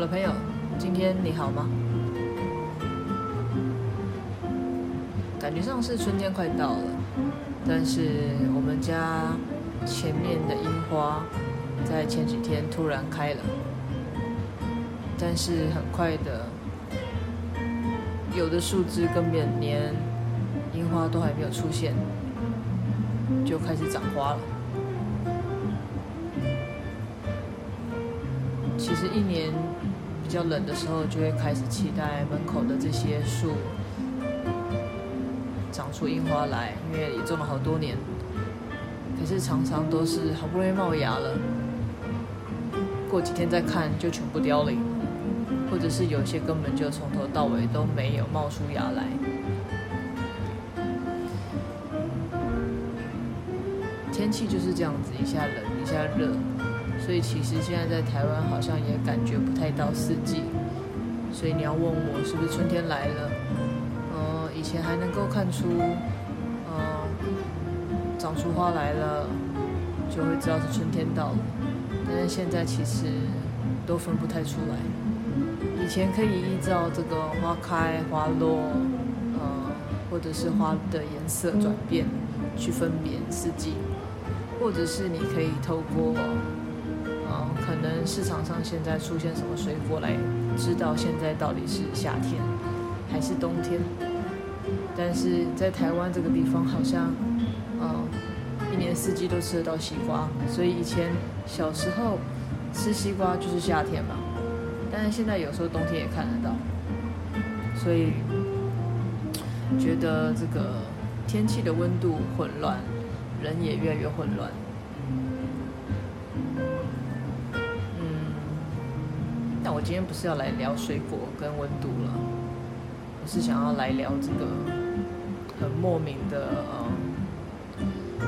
我的朋友，今天你好嗎？感覺上是春天快到了，但是我們家前面的櫻花在前幾天突然開了，但是很快的，有的樹枝根本連櫻花都還沒有出現，就開始長花了。其實一年比較冷的時候，就會開始期待門口的這些樹長出櫻花來，因為也種了好多年。可是常常都是好不容易冒芽了，過幾天再看就全部凋零，或者是有些根本就從頭到尾都沒有冒出芽來。天氣就是這樣子，一下冷一下熱。所以其實現在在台灣好像也感覺不太到四季，所以你要問我是不是春天來了？嗯，以前還能夠看出，嗯，長出花來了，就會知道是春天到了。但是現在其實都分不太出來。以前可以依照這個花開花落，呃，或者是花的顏色轉變，去分辨四季，或者是你可以透過。哦、嗯，可能市場上現在出現什麼水果來知道現在到底是夏天還是冬天？但是在台灣這個地方，好像哦、嗯，一年四季都吃得到西瓜，所以以前小時候吃西瓜就是夏天嘛。但是現在有時候冬天也看得到，所以覺得這個天氣的溫度混亂，人也越來越混亂。我今天不是要來聊水果跟溫度了，我是想要來聊這個很莫名的，呃，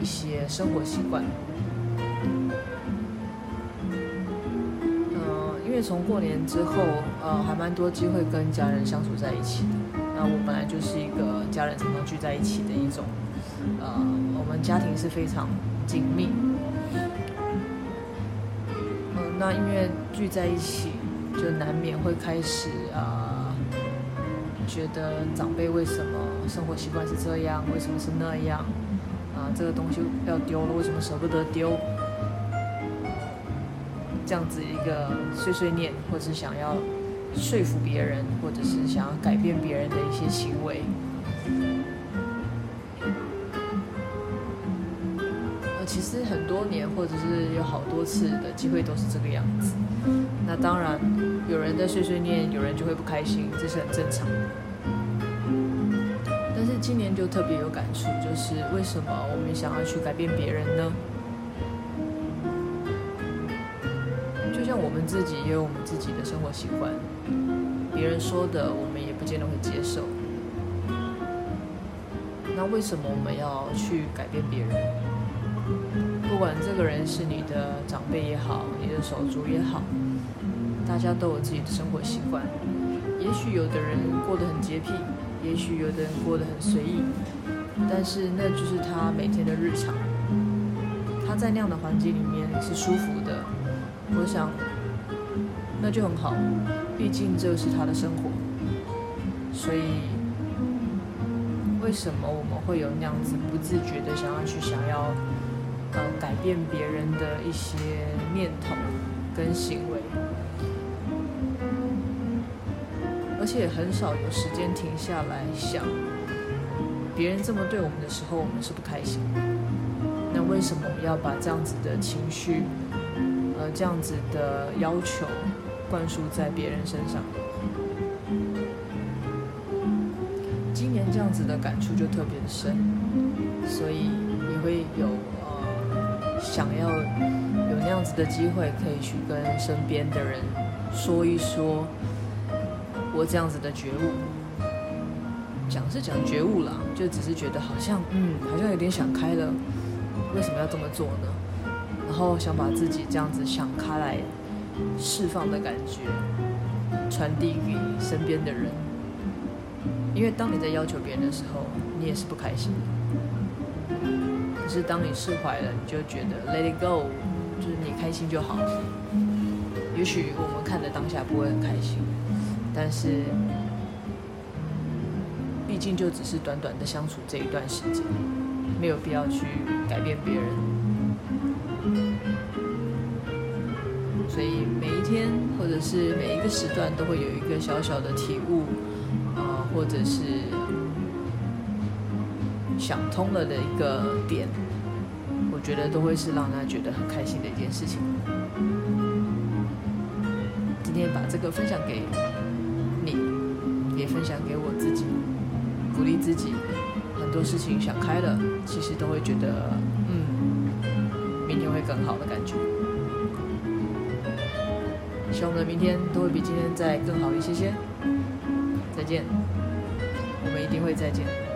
一些生活習慣。嗯，呃，因為從過年之後，呃，還蠻多機會跟家人相處在一起的。那我本來就是一個家人常常聚在一起的一種，呃，我們家庭是非常緊密。那因為聚在一起，就難免會開始啊、呃，覺得長輩為什麼生活習慣是這樣，為什麼是那樣，啊、呃，這個東西要丟了，為什麼捨不得丟？這樣子一個碎碎念，或者是想要說服別人，或者是想要改變別人的一些行為。其實很多年，或者是有好多次的機會，都是這個樣子。那當然，有人在碎碎念，有人就會不開心，這是很正常的。但是今年就特別有感觸，就是為什麼我們想要去改變別人呢？就像我們自己也有我們自己的生活習慣，別人說的我們也不見得會接受。那為什麼我們要去改變別人？不管這個人是你的長輩也好，你的手足也好，大家都有自己的生活習慣。也許有的人過得很潔癖，也許有的人過得很隨意，但是那就是他每天的日常。他在那樣的環境裡面是舒服的，我想那就很好。畢竟這是他的生活，所以為什麼我們會有那樣子不自覺的想要去想要？呃，改變別人的一些念頭跟行為，而且很少有時間停下來想，別人這麼對我們的時候，我們是不開心。那為什麼我們要把這樣子的情緒，呃，這樣子的要求灌輸在別人身上？今年這樣子的感觸就特別深，所以你會有。想要有那樣子的機會，可以去跟身邊的人說一說我這樣子的覺悟。講是講覺悟啦，就只是覺得好像，嗯，好像有點想開了。為什麼要這麼做呢？然後想把自己這樣子想開來、釋放的感覺傳遞給身邊的人。因為當你在要求別人的時候，你也是不開心的。只是當你釋懷了，你就覺得 let it go，就是你開心就好。也許我們看的當下不會很開心，但是畢竟就只是短短的相處這一段時間，沒有必要去改變別人。所以每一天或者是每一個時段都會有一個小小的體悟，呃，或者是。想通了的一個點，我覺得都會是讓他覺得很開心的一件事情。今天把這個分享給你，也分享給我自己，鼓勵自己。很多事情想開了，其實都會覺得，嗯，明天會更好的感覺。希望我們的明天都會比今天再更好一些些。再見，我們一定會再見。